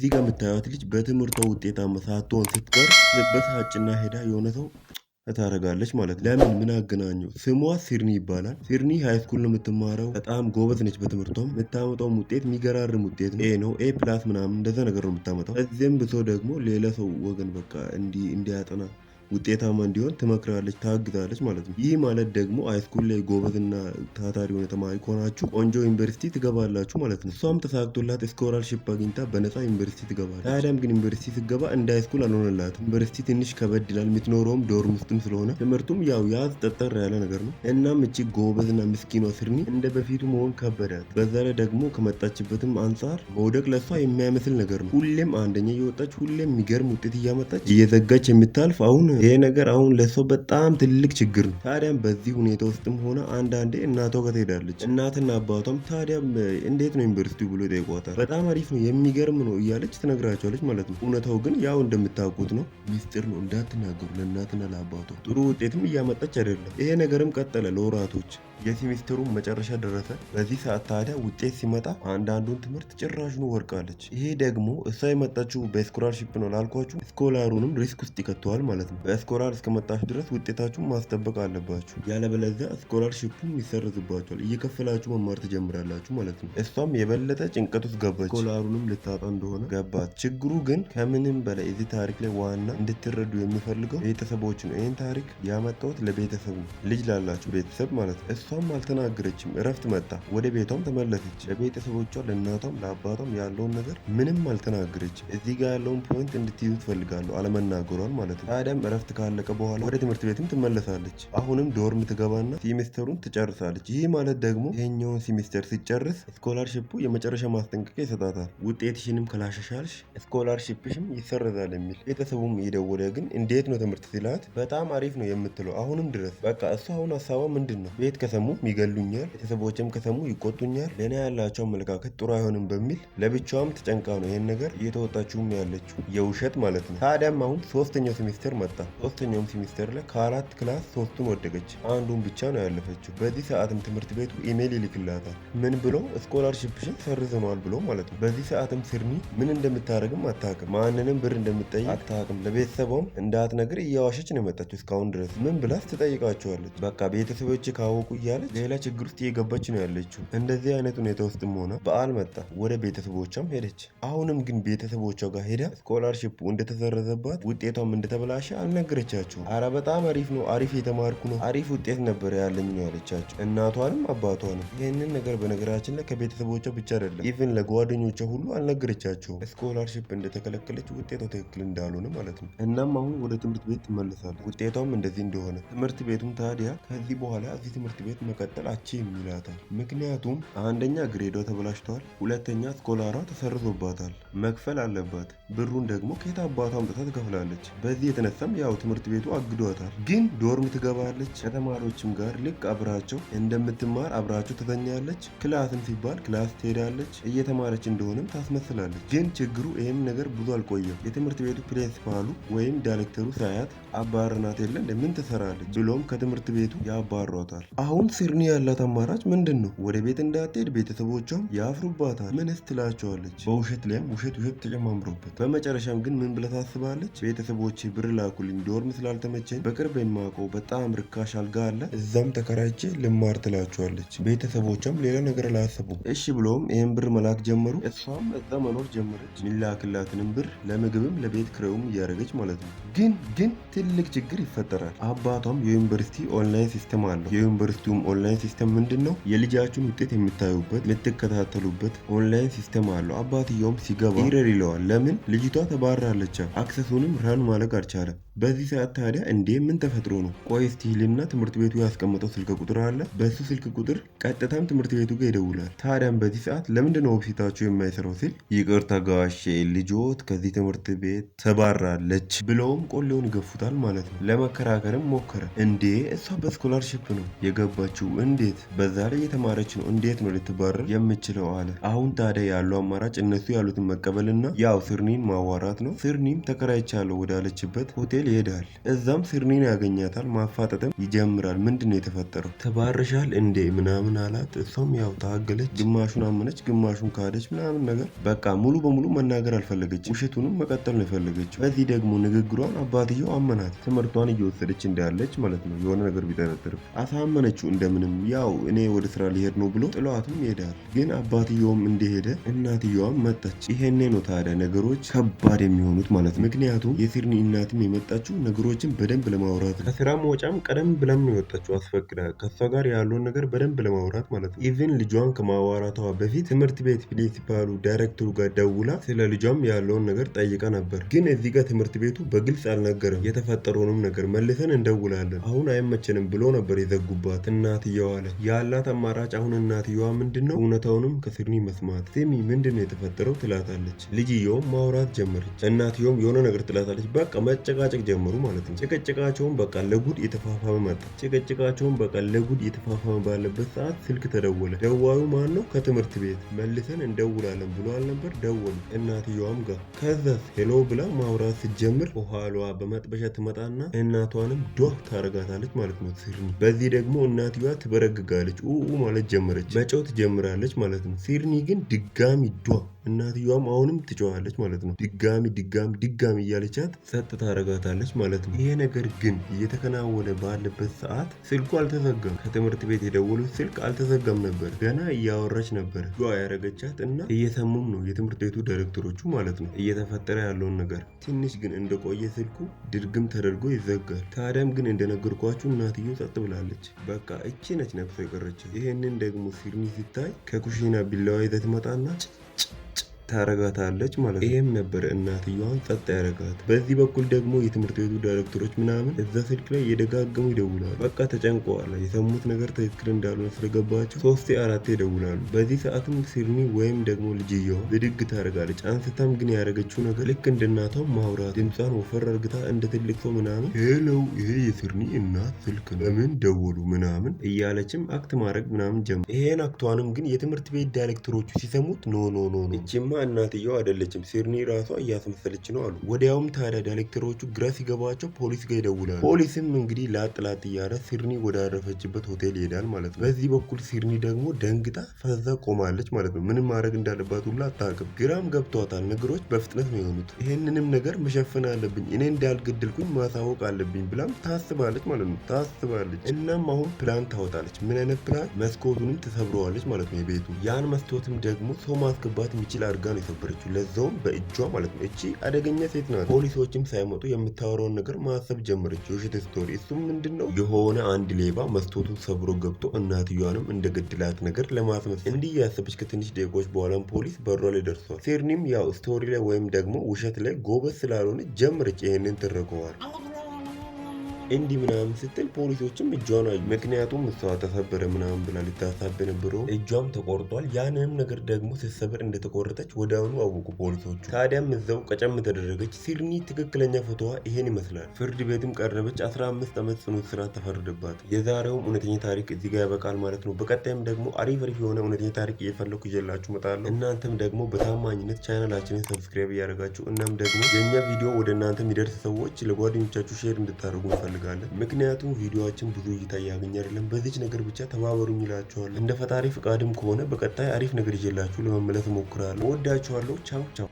እዚህ ጋር የምታዩት ልጅ በትምህርቷ ውጤታማ ሳትሆን ስትቀር በሳጭና ሄዳ የሆነ ሰው ታደርጋለች ማለት ነው። ለምን ምን አገናኘው? ስሟ ሲርኒ ይባላል። ሲርኒ ሃይስኩል ነው የምትማረው። በጣም ጎበዝ ነች በትምህርቷም። የምታመጣውም ውጤት የሚገራርም ውጤት ነው። ኤ ነው ኤ ፕላስ ምናምን እንደዛ ነገር ነው የምታመጣው። እዚህም ብሶ ደግሞ ሌላ ሰው ወገን በቃ እንዲያጠና ውጤታማ እንዲሆን ትመክራለች፣ ታግዛለች ማለት ነው። ይህ ማለት ደግሞ ሃይስኩል ላይ ጎበዝና ታታሪ የሆነ ተማሪ ከሆናችሁ ቆንጆ ዩኒቨርሲቲ ትገባላችሁ ማለት ነው። እሷም ተሳክቶላት ስኮላርሺፕ አግኝታ በነፃ ዩኒቨርሲቲ ትገባለች። ታዲያም ግን ዩኒቨርሲቲ ስገባ እንደ ሃይስኩል አልሆነላትም። ዩኒቨርሲቲ ትንሽ ከበድ ይላል። የምትኖረውም ዶርም ውስጥም ስለሆነ ትምህርቱም ያው ያዝ ጠጠር ያለ ነገር ነው። እናም እቺ ጎበዝና ምስኪኗ ስርኒ እንደ በፊቱ መሆን ከበዳት። በዛ ላይ ደግሞ ከመጣችበትም አንጻር መውደቅ ለእሷ የሚያመስል ነገር ነው። ሁሌም አንደኛ እየወጣች ሁሌም የሚገርም ውጤት እያመጣች እየዘጋች የምታልፍ አሁን ይሄ ነገር አሁን ለሰው በጣም ትልቅ ችግር ነው። ታዲያም በዚህ ሁኔታ ውስጥም ሆነ አንዳንዴ እናቷ ጋር ትሄዳለች። እናትና አባቷም ታዲያም እንዴት ነው ዩኒቨርሲቲ ብሎ ይጠይቋታል። በጣም አሪፍ ነው የሚገርም ነው እያለች ትነግራቸዋለች ማለት ነው። እውነታው ግን ያው እንደምታውቁት ነው፣ ሚስጥር ነው እንዳትናገሩ ለእናትና ለአባቷ። ጥሩ ውጤትም እያመጣች አይደለም። ይሄ ነገርም ቀጠለ ለወራቶች። የሴሜስተሩ መጨረሻ ደረሰ። በዚህ ሰዓት ታዲያ ውጤት ሲመጣ አንዳንዱን ትምህርት ጭራሽኑ ወርቃለች። ይሄ ደግሞ እሷ የመጣችው በስኮላርሽፕ ነው ላልኳችሁ፣ ስኮላሩንም ሪስክ ውስጥ ይከተዋል ማለት ነው። በስኮላር እስከመጣች ድረስ ውጤታችሁን ማስጠበቅ አለባችሁ፣ ያለበለዚያ ስኮላርሽፑም ይሰርዝባቸዋል እየከፈላችሁ መማር ትጀምራላችሁ ማለት ነው። እሷም የበለጠ ጭንቀት ውስጥ ገባች፣ ስኮላሩንም ልታጣ እንደሆነ ገባት። ችግሩ ግን ከምንም በላይ እዚህ ታሪክ ላይ ዋና እንድትረዱ የሚፈልገው ቤተሰቦች ነው። ይህን ታሪክ ያመጣሁት ለቤተሰብ ልጅ ላላችሁ ቤተሰብ ማለት ነው። እሷም አልተናገረችም። እረፍት መጣ። ወደ ቤቷም ተመለሰች። ለቤተሰቦቿ፣ ለእናቷም ለአባቷም ያለውን ነገር ምንም አልተናገረችም። እዚህ ጋር ያለውን ፖይንት እንድትይዙ ትፈልጋለሁ፣ አለመናገሯን ማለት ነው። ታዲያም እረፍት ካለቀ በኋላ ወደ ትምህርት ቤትም ትመለሳለች። አሁንም ዶርም ትገባና ሲሚስተሩን ትጨርሳለች። ይህ ማለት ደግሞ ይሄኛውን ሲሚስተር ሲጨርስ ስኮላርሽፑ የመጨረሻ ማስጠንቀቂያ ይሰጣታል። ውጤትሽንም ከላሸሻልሽ ስኮላርሽፕሽም ይሰረዛል የሚል ቤተሰቡም እየደወለ ግን እንዴት ነው ትምህርት ሲላት በጣም አሪፍ ነው የምትለው አሁንም ድረስ በቃ እሱ አሁን ሀሳቧ ምንድን ነው ቤት ከሰ ከሰሙም ይገሉኛል፣ ቤተሰቦችም ከሰሙ ይቆጡኛል፣ ለእኔ ያላቸው አመለካከት ጥሩ አይሆንም በሚል ለብቻዋም ተጨንቃ ነው ይህን ነገር እየተወጣችሁም ያለችው የውሸት ማለት ነው። ታዲያም አሁን ሶስተኛው ሴሚስተር መጣ። ሶስተኛውም ሴሚስተር ላይ ከአራት ክላስ ሶስቱን ወደቀች፣ አንዱን ብቻ ነው ያለፈችው። በዚህ ሰዓትም ትምህርት ቤቱ ኢሜል ይልክላታል። ምን ብሎ ስኮላርሽፕሽን ሰርዘነዋል ብሎ ማለት ነው። በዚህ ሰዓትም ስርኒ ምን እንደምታደርግም አታውቅም። ማንንም ብር እንደምትጠይቅ አታውቅም። ለቤተሰቧም እንዳትነግር እያዋሸች ነው የመጣችው እስካሁን ድረስ። ምን ብላስ ትጠይቃቸዋለች? በቃ ቤተሰቦች ካወቁ እያለች ሌላ ችግር ውስጥ እየገባች ነው ያለችው። እንደዚህ አይነት ሁኔታ ውስጥም ሆነ በዓል መጣ። ወደ ቤተሰቦቿም ሄደች። አሁንም ግን ቤተሰቦቿ ጋር ሄዳ ስኮላርሽፕ እንደተሰረዘባት ውጤቷም እንደተበላሸ አልነገረቻቸውም። አረ በጣም አሪፍ ነው፣ አሪፍ የተማርኩ ነው፣ አሪፍ ውጤት ነበረ ያለኝ ነው ያለቻቸው፣ እናቷንም አባቷንም። ይህንን ነገር በነገራችን ላይ ከቤተሰቦቿ ብቻ አይደለም ኢቭን ለጓደኞቿ ሁሉ አልነገረቻቸውም። ስኮላርሽፕ እንደተከለከለች ውጤቷ ትክክል እንዳልሆነ ማለት ነው። እናም አሁን ወደ ትምህርት ቤት ትመለሳለች። ውጤቷም እንደዚህ እንደሆነ ትምህርት ቤቱም ታዲያ ከዚህ በኋላ እዚህ ትምህርት ቤት መቀጠል አችም ይላታል። ምክንያቱም አንደኛ ግሬዷ ተበላሽተዋል፣ ሁለተኛ ስኮላሯ ተሰርዞባታል፣ መክፈል አለባት። ብሩን ደግሞ ከየት አባቷ አምጥታ ትከፍላለች። በዚህ የተነሳም ያው ትምህርት ቤቱ አግዷታል። ግን ዶርም ትገባለች። ከተማሪዎችም ጋር ልክ አብራቸው እንደምትማር አብራቸው ትተኛለች። ክላስም ሲባል ክላስ ትሄዳለች። እየተማረች እንደሆነም ታስመስላለች። ግን ችግሩ ይህም ነገር ብዙ አልቆየም። የትምህርት ቤቱ ፕሪንሲፓሉ ወይም ዳይሬክተሩ ሳያት አባርናት የለ እንደምን ትሰራለች ብሎም ከትምህርት ቤቱ ያባሯታል። አሁን ሲርኒ ያላት አማራጭ ምንድን ነው? ወደ ቤት እንዳትሄድ ቤተሰቦቿም ያፍሩባታል። ምንስ ትላቸዋለች? በውሸት ላይም ውሸት ውሸት ተጨማምሮበት። በመጨረሻም ግን ምን ብላ ታስባለች? ብር ላኩልኝ ዶርም ስላልተመቸኝ በቅርብ የማውቀው በጣም ርካሽ አልጋ አለ እዛም ተከራይቼ ልማር ትላቸዋለች። ቤተሰቦቿም ሌላ ነገር አላሰቡም። እሺ ብሎም ይህን ብር መላክ ጀመሩ። እሷም እዛ መኖር ጀመረች። ሚላክላትንም ብር ለምግብም ለቤት ክሬውም እያደረገች ማለት ነው። ግን ግን ትልቅ ችግር ይፈጠራል። አባቷም የዩኒቨርሲቲ ኦንላይን ሲስተም አለው የዩኒቨርሲቲ እንዲሁም ኦንላይን ሲስተም ምንድን ነው? የልጃችሁን ውጤት የምታዩበት የምትከታተሉበት ኦንላይን ሲስተም አለው። አባትየውም ሲገባ ኢረር ይለዋል። ለምን ልጅቷ ተባራለቻ፣ አክሰሱንም ራን ማድረግ አልቻለም። በዚህ ሰዓት ታዲያ እንዴ ምን ተፈጥሮ ነው? ቆይ እስቲ ትምህርት ቤቱ ያስቀመጠው ስልክ ቁጥር አለ። በሱ ስልክ ቁጥር ቀጥታም ትምህርት ቤቱ ጋር ይደውላል። ታዲያም በዚህ ሰዓት ለምንድን ነው ፊታቸው የማይሰራው ሲል ይቅርታ ጋሼ ልጆት ከዚህ ትምህርት ቤት ተባራለች ብለውም ቆሌውን ይገፉታል ማለት ነው። ለመከራከርም ሞከረ። እንዴ እሷ በስኮላርሽፕ ነው የገባችው፣ እንዴት በዛ ላይ የተማረች ነው፣ እንዴት ነው ልትባረር የምችለው አለ። አሁን ታዲያ ያለው አማራጭ እነሱ ያሉትን መቀበልና ያው ስርኒን ማዋራት ነው። ስርኒም ተከራይቻለሁ ወዳለችበት ሆቴል ይሄዳል። እዛም ሲርኒን ያገኛታል። ማፋጠጥም ይጀምራል። ምንድን ነው የተፈጠረው? ተባርሻል እንዴ ምናምን አላት። እሷም ያው ታገለች፣ ግማሹን አመነች፣ ግማሹን ካደች ምናምን ነገር በቃ ሙሉ በሙሉ መናገር አልፈለገችም። ውሸቱንም መቀጠል ነው የፈለገችው። በዚህ ደግሞ ንግግሯን አባትየው አመናት። ትምህርቷን እየወሰደች እንዳለች ማለት ነው። የሆነ ነገር ቢጠረጥርም አሳመነችው። እንደምንም ያው እኔ ወደ ስራ ሊሄድ ነው ብሎ ጥሏትም ይሄዳል። ግን አባትየውም እንደሄደ እናትየዋም መጣች። ይሄኔ ነው ታዲያ ነገሮች ከባድ የሚሆኑት ማለት ነው። ምክንያቱም የሲርኒ እናትም የመጣች ብላችሁ ነገሮችን በደንብ ለማውራት ነው። ከስራ መውጫም ቀደም ብለን ነው የወጣችው አስፈቅዳ ከእሷ ጋር ያለውን ነገር በደንብ ለማውራት ማለት ነው። ኢቭን ልጇን ከማዋራቷ በፊት ትምህርት ቤት ፕሪንሲፓሉ ዳይሬክተሩ ጋር ደውላ ስለ ልጇም ያለውን ነገር ጠይቃ ነበር። ግን እዚህ ጋር ትምህርት ቤቱ በግልጽ አልነገረም። የተፈጠረውንም ነገር መልሰን እንደውላለን አሁን አይመቸንም ብሎ ነበር የዘጉባት። እናትየው አለ ያላት አማራጭ አሁን እናትየዋ ምንድን ነው እውነታውንም ከስኒ መስማት ሲሚ ምንድን ነው የተፈጠረው ትላታለች። ልጅየውም ማውራት ጀመረች። እናትየውም የሆነ ነገር ትላታለች። በቃ መጨቃጨቅ ጭቅጭቅ ጀመሩ ማለት ነው። ጭቅጭቃቸውን በቃ ለጉድ የተፋፋመ መጣ። ጭቅጭቃቸውን በቃ ለጉድ የተፋፋመ ባለበት ሰዓት ስልክ ተደወለ። ደዋዩ ማን ነው? ከትምህርት ቤት መልሰን እንደውላለን ብሎ አልነበር? ደወሉ እናትየዋም ጋር ከዛስ ሄሎ ብላ ማውራት ስትጀምር ኋሏ በመጥበሻ ትመጣና እናቷንም ዷ ታረጋታለች ማለት ነው። ሲርኒ በዚህ ደግሞ እናትየዋ ትበረግጋለች፣ ኡ ማለት ጀመረች፣ መጮህ ትጀምራለች ማለት ነው። ሲርኒ ግን ድጋሚ ዷ እናትየዋም አሁንም ትጨዋለች ማለት ነው። ድጋሚ ድጋሚ ድጋሚ እያለቻት ጸጥታ ታረጋታለች። አድርጋለች ማለት ነው። ይሄ ነገር ግን እየተከናወነ ባለበት ሰዓት ስልኩ አልተዘጋም። ከትምህርት ቤት የደወሉት ስልክ አልተዘጋም ነበር። ገና እያወራች ነበር ያረገቻት እና እየሰሙም ነው የትምህርት ቤቱ ዳይሬክተሮቹ ማለት ነው እየተፈጠረ ያለውን ነገር። ትንሽ ግን እንደቆየ ስልኩ ድርግም ተደርጎ ይዘጋል። ታዲያም ግን እንደነገርኳችሁ እናትዮ ጸጥ ብላለች። በቃ እቺ ነች ነፍሰ የቀረችው። ይህንን ደግሞ ፊልሚ ሲታይ ከኩሽና ቢላዋ ይዘት መጣና ጭጭጭ ታረጋታለች ማለት ነው። ይሄም ነበር እናትየዋን ጸጥ ያረጋት። በዚህ በኩል ደግሞ የትምህርት ቤቱ ዳይሬክተሮች ምናምን እዛ ስልክ ላይ እየደጋገሙ ይደውላሉ። በቃ ተጨንቀዋል። የሰሙት ነገር ትክክል እንዳልሆነ ስለገባቸው ሶስቴ አራቴ ይደውላሉ። በዚህ ሰዓትም ሲድኒ ወይም ደግሞ ልጅየዋ ብድግ ታደርጋለች። አንስታም ግን ያደረገችው ነገር ልክ እንደ እናቷ ማውራት፣ ድምጿን ወፈር አርግታ እንደ ትልቅ ሰው ምናምን ሄሎ፣ ይሄ የሲድኒ እናት ስልክ ነው፣ ለምን ደወሉ ምናምን እያለችም አክት ማድረግ ምናምን ጀመር። ይሄን አክቷንም ግን የትምህርት ቤት ዳይሬክተሮቹ ሲሰሙት ኖ ኖ ኖ ኖ እችማ እናትየው አይደለችም ሲርኒ ራሷ እያስመሰለች ነው አሉ። ወዲያውም ታዲያ ዳይሬክተሮቹ ግራ ሲገባቸው ፖሊስ ጋር ይደውላሉ። ፖሊስም እንግዲህ ላጥ ላጥ እያለ ሲርኒ ወዳረፈችበት ሆቴል ይሄዳል ማለት ነው። በዚህ በኩል ሲርኒ ደግሞ ደንግጣ ፈዛ ቆማለች ማለት ነው። ምንም ማድረግ እንዳለባት ሁላ አታውቅም። ግራም ገብቷታል። ነገሮች በፍጥነት ነው የሆኑት። ይህንንም ነገር መሸፈን አለብኝ እኔ እንዳልገደልኩኝ ማሳወቅ አለብኝ ብላም ታስባለች ማለት ነው። ታስባለች። እናም አሁን ፕላን ታወጣለች። ምን አይነት ፕላን? መስኮቱንም ትሰብረዋለች ማለት ነው የቤቱ ያን መስኮትም ደግሞ ሰው ማስገባት የሚችል አድርጋ ነው የተወበረችው፣ ለዛውም በእጇ ማለት ነው። እቺ አደገኛ ሴት ናት። ፖሊሶችም ሳይመጡ የምታወራውን ነገር ማሰብ ጀመረች። የውሸት ስቶሪ። እሱም ምንድን ነው የሆነ አንድ ሌባ መስቶቱን ሰብሮ ገብቶ እናትየዋንም እንደገድላት ነገር ለማስመስ እንዲህ ያሰበች። ከትንሽ ደቂቆች በኋላም ፖሊስ በሯ ላይ ደርሷል። ሴርኒም ያው ስቶሪ ላይ ወይም ደግሞ ውሸት ላይ ጎበዝ ስላልሆነ ጀምረች ይህንን ትረከዋል እንዲህ ምናምን ስትል ፖሊሶችም እጇን አዩ። ምክንያቱም እሷ ተሰበረ ምናምን ብላ ልታሳብ ነበረው እጇም ተቆርጧል። ያንንም ነገር ደግሞ ስትሰብር እንደተቆረጠች ወዲያውኑ አወቁ ፖሊሶቹ። ታዲያም እዛው ቀጨም ተደረገች። ሲድኒ ትክክለኛ ፎቶዋ ይሄን ይመስላል። ፍርድ ቤትም ቀረበች። 15 ዓመት ጽኑ እስራት ተፈረደባት። የዛሬውም እውነተኛ ታሪክ እዚህ ጋር ያበቃል ማለት ነው። በቀጣይም ደግሞ አሪፍ አሪፍ የሆነ እውነተኛ ታሪክ እየፈለኩ ይዤላችሁ እመጣለሁ። እናንተም ደግሞ በታማኝነት ቻናላችንን ሰብስክራይብ እያደረጋችሁ እናም ደግሞ የእኛ ቪዲዮ ወደ እናንተ የሚደርስ ሰዎች ለጓደኞቻችሁ ሼር እንድታደርጉ እንፈልጋለን። እንፈልጋለን። ምክንያቱም ቪዲዮችን ብዙ እይታ እያገኘ አይደለም። በዚች ነገር ብቻ ተባበሩኝ ይላችኋለሁ። እንደ ፈጣሪ ፍቃድም ከሆነ በቀጣይ አሪፍ ነገር ይዤላችሁ ለመመለስ እሞክራለሁ። ወዳችኋለሁ። ቻው ቻው።